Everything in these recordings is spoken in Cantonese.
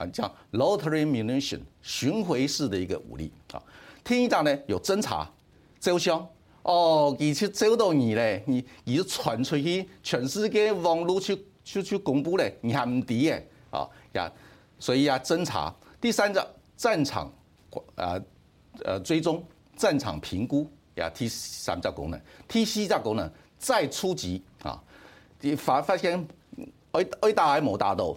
啊，叫 loitering munition 巡回式的一個武力啊。第一架呢有偵察、照相哦，而且照到你嘞，你，你就傳出去全世界網絡去，去，去公布嘞，你還唔敵嘅啊？也，所以啊，偵察。第三架戰場啊，呃，追蹤、戰場評估呀，T 三架功能，T 四架功能再初級啊，你發發現，二二架還冇達到。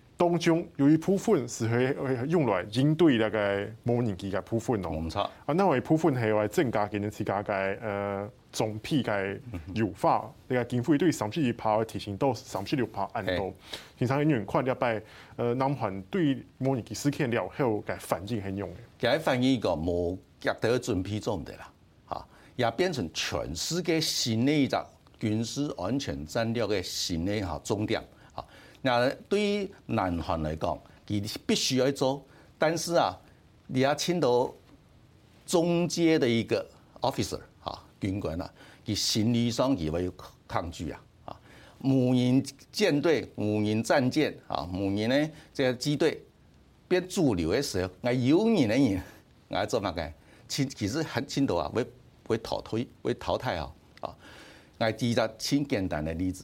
當中，有一部分是佢用來應對那個模擬機的部分咯，唔錯。啊，因為部分係為增加今年自家的呃總批嘅優化，你個經費對三十一趴嘅提升到三十六趴咁多，平常啲人看能要拜誒南韓對模擬機施加料後嘅反應係用嘅。而家反映個摩吉德總批做唔得啦，哈也變成全世界新一個軍事安全戰略的新一個重點。Uh, adventures 嗱，對於南韓來講，你必須要做，但是啊，你要請到中階的一個 officer 啊，軍官啊，佢心理上也會抗拒啊，啊，無人艦隊，無人戰艦，啊，無人呢即個機隊，變主流的時候，我永遠的人，來做嘛嘅？其其實很清楚啊，會會淘汰，會淘汰啊，啊，我舉一個很簡單的例子。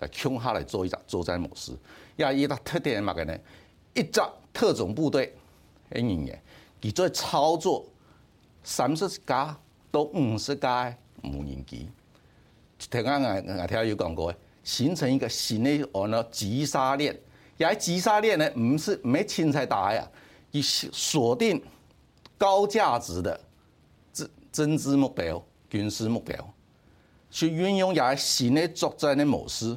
來用它來做一雜作戰模式，亞一雜特定是什麼呢，一雜特種部隊，很硬嘅，伊在操作三十架到五十架嘅無人機。聽啊，我我聽下有講過，形成一個新的網絡擊殺鏈，亞喺擊殺鏈呢，唔是沒青菜打呀，伊鎖定高價值的、政治目標、軍事目標，去運用一喺新嘅作戰的模式。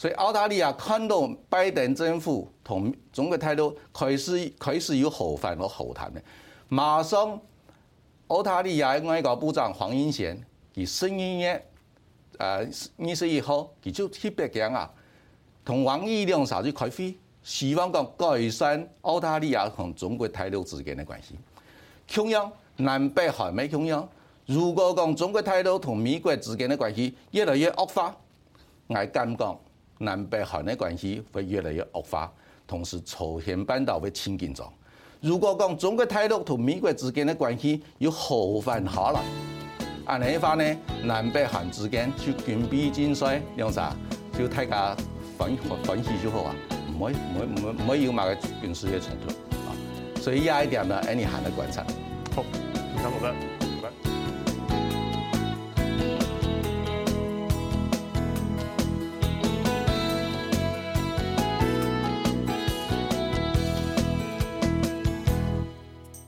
所以澳大利亞看到拜登政府同中國態度，開始開始有後反和後談的，馬上澳大利亞外交部長黃英賢佢十一月呃二十一號，佢就特別講啊，同王毅亮嫂子開會，希望講改善澳大利亞同中國態度之間的關係，強硬南北海沒強硬，如果講中國態度同美國之間的關係越來越惡化，來緊講。南北韓的關係會越來越惡化，同時朝鮮半島會清緊張。如果講中國大陸同美國之間的關係係要和平下來，按另一方呢，南北韓之間就軍備競賽用啥就大家分分攤就好啊，冇會，冇會有個軍事嘅衝突啊。所以依一點呢，安你喊的觀察好，